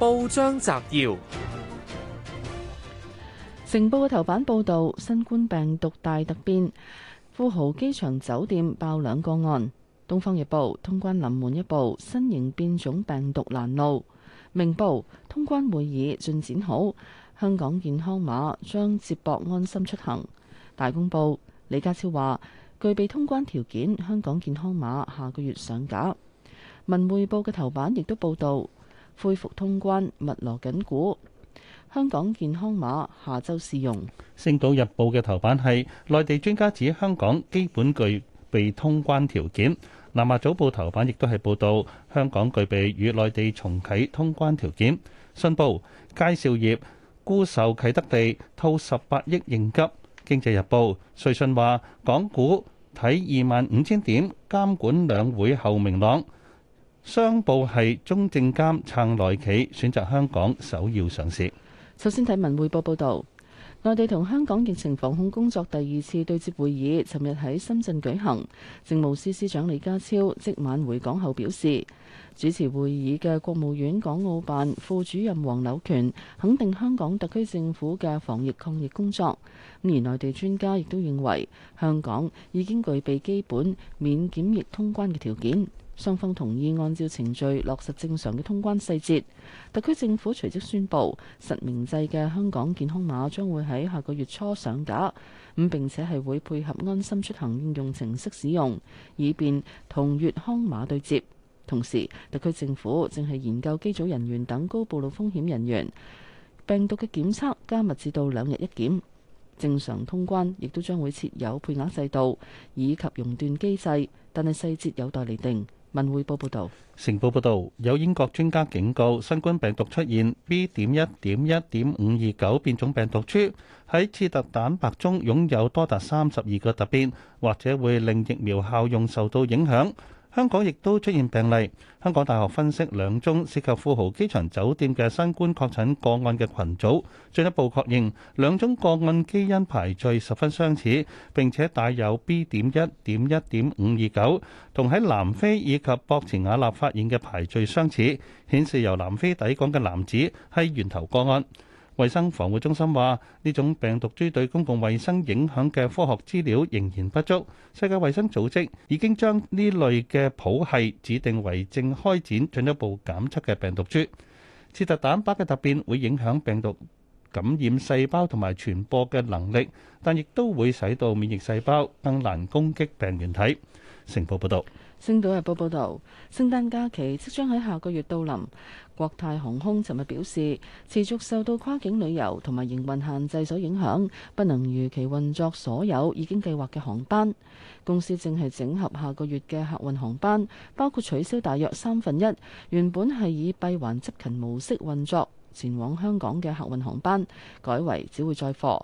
報章摘要：《成報》嘅頭版報道新冠病毒大突變，富豪機場酒店爆兩個案。《東方日報》通關臨門一步，新型變種病毒攔路。《明報》通關會議進展好，香港健康碼將接駁安心出行。大公報李家超話，具備通關條件，香港健康碼下個月上架。《文匯報》嘅頭版亦都報道。恢復通關，密鑼緊鼓。香港健康碼下周試用。星島日報嘅頭版係內地專家指香港基本具備通關條件。南華早報頭版亦都係報道香港具備與內地重啟通關條件。信報佳兆業沽售啟德地，套十八億應急。經濟日報瑞信話港股睇二萬五千點，監管兩會後明朗。商報係中證監撐內企，選擇香港首要上市。首先睇文匯報報道，內地同香港疫情防控工作第二次對接會議，尋日喺深圳舉行。政務司司長李家超即晚回港後表示，主持會議嘅國務院港澳辦副主任黃柳權肯定香港特區政府嘅防疫抗疫工作。而內地專家亦都認為，香港已經具備基本免檢疫通關嘅條件。雙方同意按照程序落實正常嘅通關細節。特區政府隨即宣布，實名制嘅香港健康碼將會喺下個月初上架，咁並且係會配合安心出行應用程式使用，以便同粵康碼對接。同時，特區政府正係研究機組人員等高暴露風險人員病毒嘅檢測加密至到兩日一檢。正常通關亦都將會設有配額制度以及熔斷機制，但係細節有待釐定。文匯報報道，成報報道，有英國專家警告，新冠病毒出現 B. 點一點一點五二九變種病毒株，喺刺突蛋白中擁有多達三十二個突變，或者會令疫苗效用受到影響。香港亦都出現病例。香港大學分析兩宗涉及富豪機場酒店嘅新冠確診個案嘅群組，進一步確認兩宗個案基因排序十分相似，並且帶有 B. 點一點一點五二九，同喺南非以及博茨瓦納發現嘅排序相似，顯示由南非抵港嘅男子係源頭個案。衛生防護中心話：呢種病毒株對公共衛生影響嘅科學資料仍然不足。世界衛生組織已經將呢類嘅譜系指定為正開展進一步檢測嘅病毒株。刺突蛋白嘅突變會影響病毒。感染細胞同埋傳播嘅能力，但亦都會使到免疫細胞更難攻擊病原體。成報報道：「星島日報報道，聖誕假期即將喺下個月到臨。國泰航空尋日表示，持續受到跨境旅遊同埋營運限制所影響，不能如期運作所有已經計劃嘅航班。公司正係整合下個月嘅客運航班，包括取消大約三分一原本係以閉環執勤模式運作，前往香港嘅客運航班，改為只會載貨。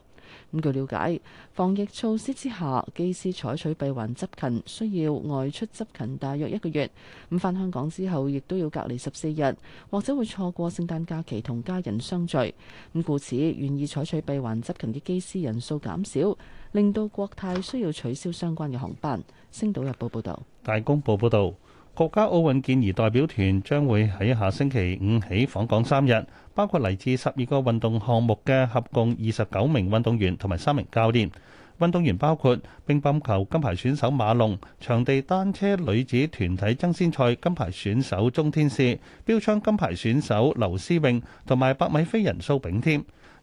咁、嗯、據了解，防疫措施之下，機師採取閉環執勤，需要外出執勤大約一個月。咁、嗯、返香港之後，亦都要隔離十四日，或者會錯過聖誕假期同家人相聚。咁、嗯、故此，願意採取閉環執勤嘅機師人數減少，令到國泰需要取消相關嘅航班。星島日報報道。大公報報道。國家奧運健兒代表團將會喺下星期五起訪港三日，包括嚟自十二個運動項目嘅合共二十九名運動員同埋三名教練。運動員包括乒乓球金牌選手馬龍、場地單車女子團體爭先賽金牌選手鍾天使、標槍金牌選手劉詩穎同埋百米飛人蘇炳添。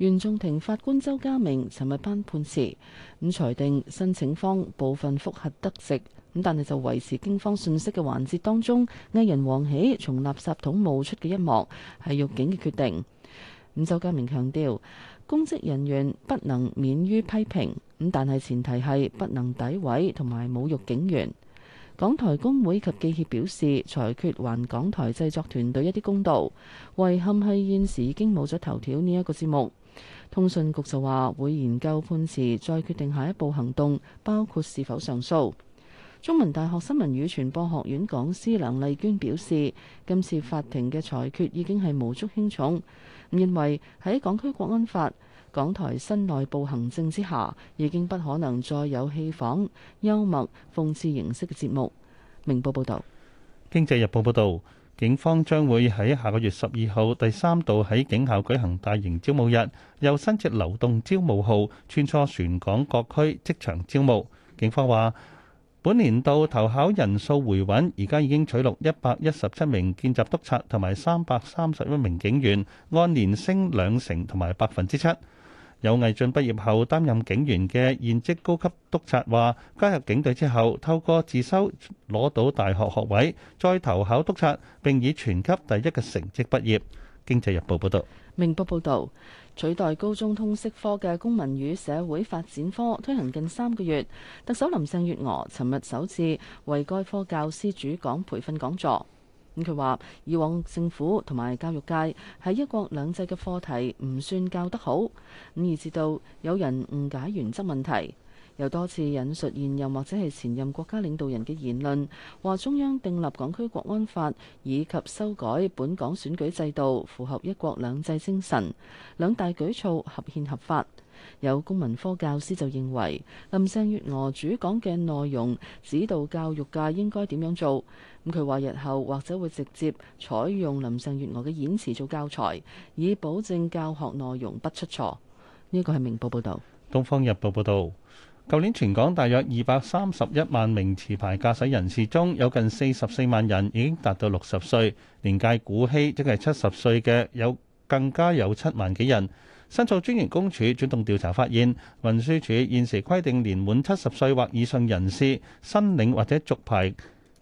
袁仲庭法官周家明尋日頒判詞，咁裁定申請方部分覆核得直。咁但係就維持警方訊息嘅環節當中，藝人王喜從垃圾桶冒出嘅一幕係獄警嘅決定。咁周家明強調，公職人員不能免於批評，咁但係前提係不能詆毀同埋侮辱警員。港台工會及記協表示裁決還港台製作團隊一啲公道，遺憾係現時已經冇咗頭條呢一個節目。通訊局就話會研究判詞，再決定下一步行動，包括是否上訴。中文大學新聞與傳播學院講師梁麗娟表示，今次法庭嘅裁決已經係無足輕重，認為喺港區國安法、港台新內部行政之下，已經不可能再有戲仿、幽默、諷刺形式嘅節目。明報報道，經濟日報報道。警方將會喺下個月十二號第三度喺警校舉行大型招募日，又新設流動招募號，穿梭全港各區即場招募。警方話，本年度投考人數回穩，而家已經取錄一百一十七名見習督察同埋三百三十一名警員，按年升兩成同埋百分之七。有毅進畢業後擔任警員嘅現職高級督察話：加入警隊之後，透過自修攞到大學學位，再投考督察，並以全級第一嘅成績畢業。經濟日報報道，明報報道，取代高中通識科嘅公民與社會發展科推行近三個月，特首林鄭月娥尋日首次為該科教師主講培訓講座。佢話：以往政府同埋教育界喺一國兩制嘅課題唔算教得好，咁而至到有人誤解原則問題，又多次引述現任或者係前任國家領導人嘅言論，話中央訂立港區國安法以及修改本港選舉制度符合一國兩制精神，兩大舉措合憲合法。有公民科教師就認為林鄭月娥主講嘅內容指導教育界應該點樣做，咁佢話日後或者會直接採用林鄭月娥嘅演辭做教材，以保證教學內容不出錯。呢個係明報報導，《東方日報》報導，舊年全港大約二百三十一萬名持牌駕駛人士中，有近四十四萬人已經達到六十歲，年屆古稀，即係七十歲嘅有更加有七萬幾人。申訴專員公署主動調查發現，運輸署現時規定年滿七十歲或以上人士申領或者續牌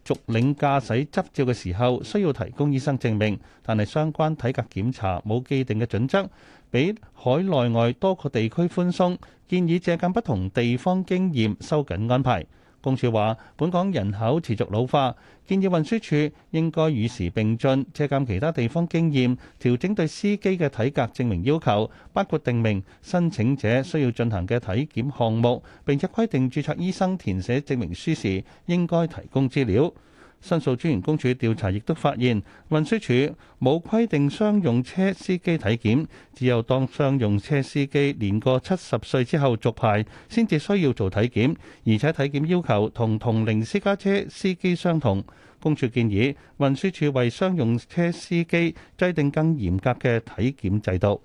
續領駕駛執照嘅時候，需要提供醫生證明，但係相關體格檢查冇既定嘅準則，比海內外多個地區寬鬆，建議借鑑不同地方經驗，收緊安排。公署話：本港人口持續老化，建議運輸署應該與時並進，借鑑其他地方經驗，調整對司機嘅體格證明要求，包括定明申請者需要進行嘅體檢項目，並且規定註冊醫生填寫證明書時應該提供資料。申訴專員公署調查亦都發現，運輸署冇規定商用車司機體檢，只有當商用車司機年過七十歲之後續牌，先至需要做體檢，而且體檢要求同同齡私家車司機相同。公署建議運輸署為商用車司機制定更嚴格嘅體檢制度。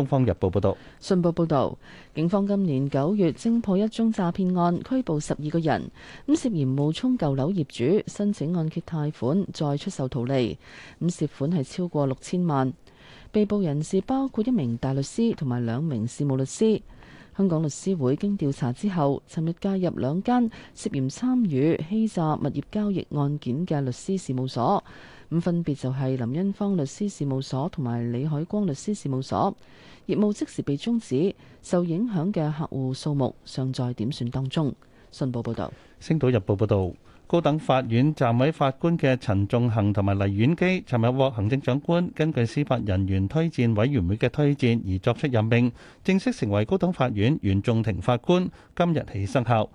東方日報報道，信報報道，警方今年九月偵破一宗詐騙案，拘捕十二個人，咁涉嫌冒充舊樓業主申請按揭貸款，再出售逃離，咁涉款係超過六千萬。被捕人士包括一名大律師同埋兩名事務律師。香港律師會經調查之後，尋日介入兩間涉嫌參與欺詐物業交易案件嘅律師事務所，咁分別就係林欣芳律師事務所同埋李海光律師事務所，業務即時被終止，受影響嘅客戶數目尚在點算當中。信報報道。星島日報報道。高等法院暫委法官嘅陳仲恒同埋黎婉基，尋日獲行政長官根據司法人員推薦委員會嘅推薦而作出任命，正式成為高等法院原訟庭法官，今日起生效。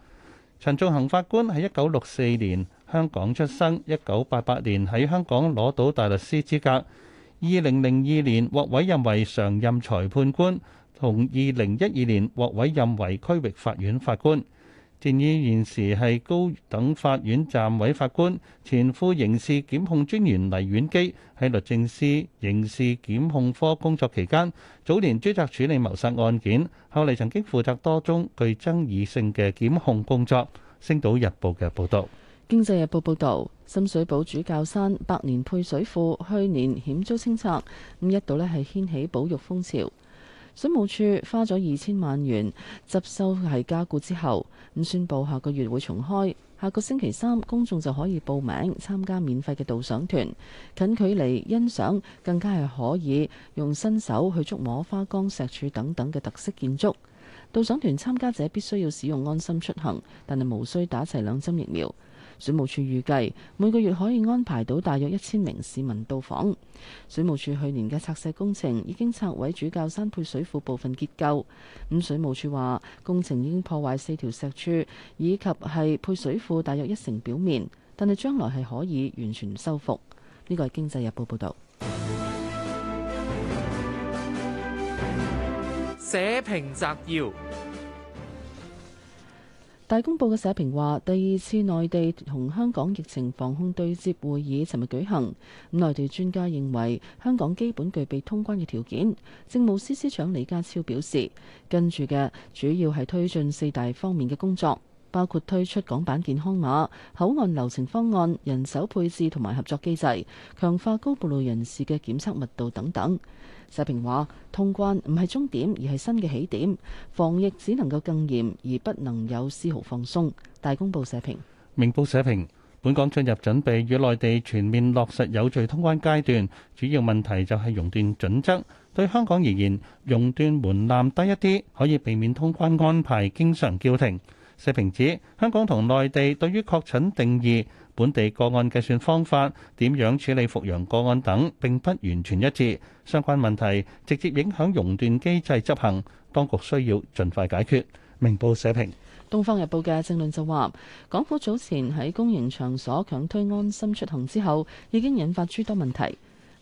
陳仲恒法官喺一九六四年香港出生，一九八八年喺香港攞到大律師資格，二零零二年獲委任為常任裁判官，同二零一二年獲委任為區域法院法官。建議現時係高等法院暫委法官、前副刑事檢控專員黎婉基，喺律政司刑事檢控科工作期間，早年專責處理謀殺案件，後嚟曾經負責多宗具爭議性嘅檢控工作。《星島日報》嘅報導。《經濟日報》報導，深水埗主教山百年配水庫去年險遭清拆，咁一度咧係掀起保育風潮。水務署花咗二千萬元執收係加固之後，唔宣布下個月會重開，下個星期三公眾就可以報名參加免費嘅導賞團，近距離欣賞，更加係可以用伸手去觸摸花崗石柱等等嘅特色建築。導賞團參加者必須要使用安心出行，但係無需打齊兩針疫苗。水務處預計每個月可以安排到大約一千名市民到訪。水務處去年嘅拆卸工程已經拆毀主教山配水庫部分結構。咁水務處話，工程已經破壞四條石柱以及係配水庫大約一成表面，但係將來係可以完全修復。呢個係《經濟日報》報道。社評摘要。大公報嘅社評話：第二次內地同香港疫情防控對接會議，尋日舉行。內地專家認為香港基本具備通關嘅條件。政務司司長李家超表示，跟住嘅主要係推進四大方面嘅工作。包括推出港版健康碼、口岸流程方案、人手配置同埋合作機制，強化高暴露人士嘅檢測密度等等。社評話：通關唔係終點，而係新嘅起點。防疫只能夠更嚴，而不能有絲毫放鬆。大公報社評、明報社評，本港進入準備與內地全面落實有序通關階段，主要問題就係熔斷準則。對香港而言，熔斷門檻低一啲，可以避免通關安排經常叫停。社評指，香港同內地對於確診定義、本地個案計算方法、點樣處理復陽個案等並不完全一致，相關問題直接影響熔斷機制執行，當局需要盡快解決。明報社評，《東方日報》嘅政論就話，港府早前喺公營場所強推安心出行之後，已經引發諸多問題。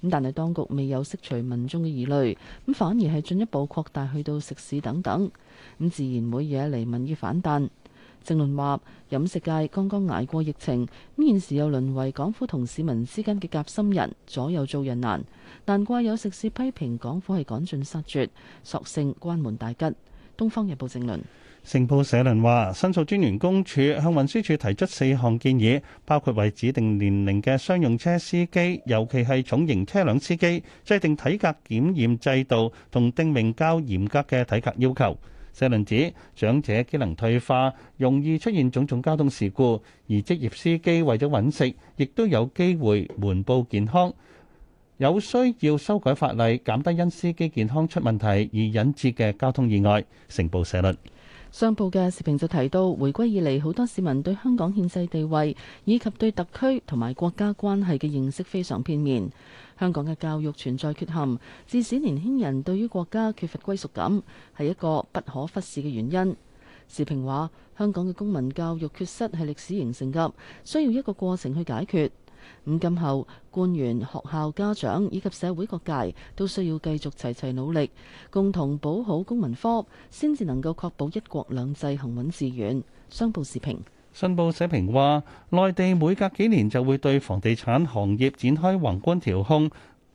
咁但係當局未有釋除民眾嘅疑慮，咁反而係進一步擴大去到食肆等等，咁自然會惹嚟民意反彈。正論話：飲食界剛剛捱過疫情，咁現時又淪為港府同市民之間嘅夾心人，左右做人難。難怪有食肆批評港府係趕盡殺絕，索性關門大吉。東方日報正論，成報社論話，申訴專員公署向運輸署提出四項建議，包括為指定年齡嘅商用車司機，尤其係重型車輛司機，制定體格檢驗制度，同訂明較嚴格嘅體格要求。社論指長者機能退化，容易出現種種交通事故，而職業司機為咗揾食，亦都有機會瞞報健康，有需要修改法例，減低因司機健康出問題而引致嘅交通意外。成報社論。上報嘅視頻就提到，回歸以嚟好多市民對香港憲制地位以及對特區同埋國家關係嘅認識非常片面。香港嘅教育存在缺陷，致使年輕人對於國家缺乏歸屬感，係一個不可忽視嘅原因。視頻話，香港嘅公民教育缺失係歷史形成嘅，需要一個過程去解決。咁今後，官員、學校、家長以及社會各界都需要繼續齊齊努力，共同保好公民科，先至能夠確保一國兩制行穩致遠。商報社評，信報社評話，內地每隔幾年就會對房地產行業展開宏觀調控。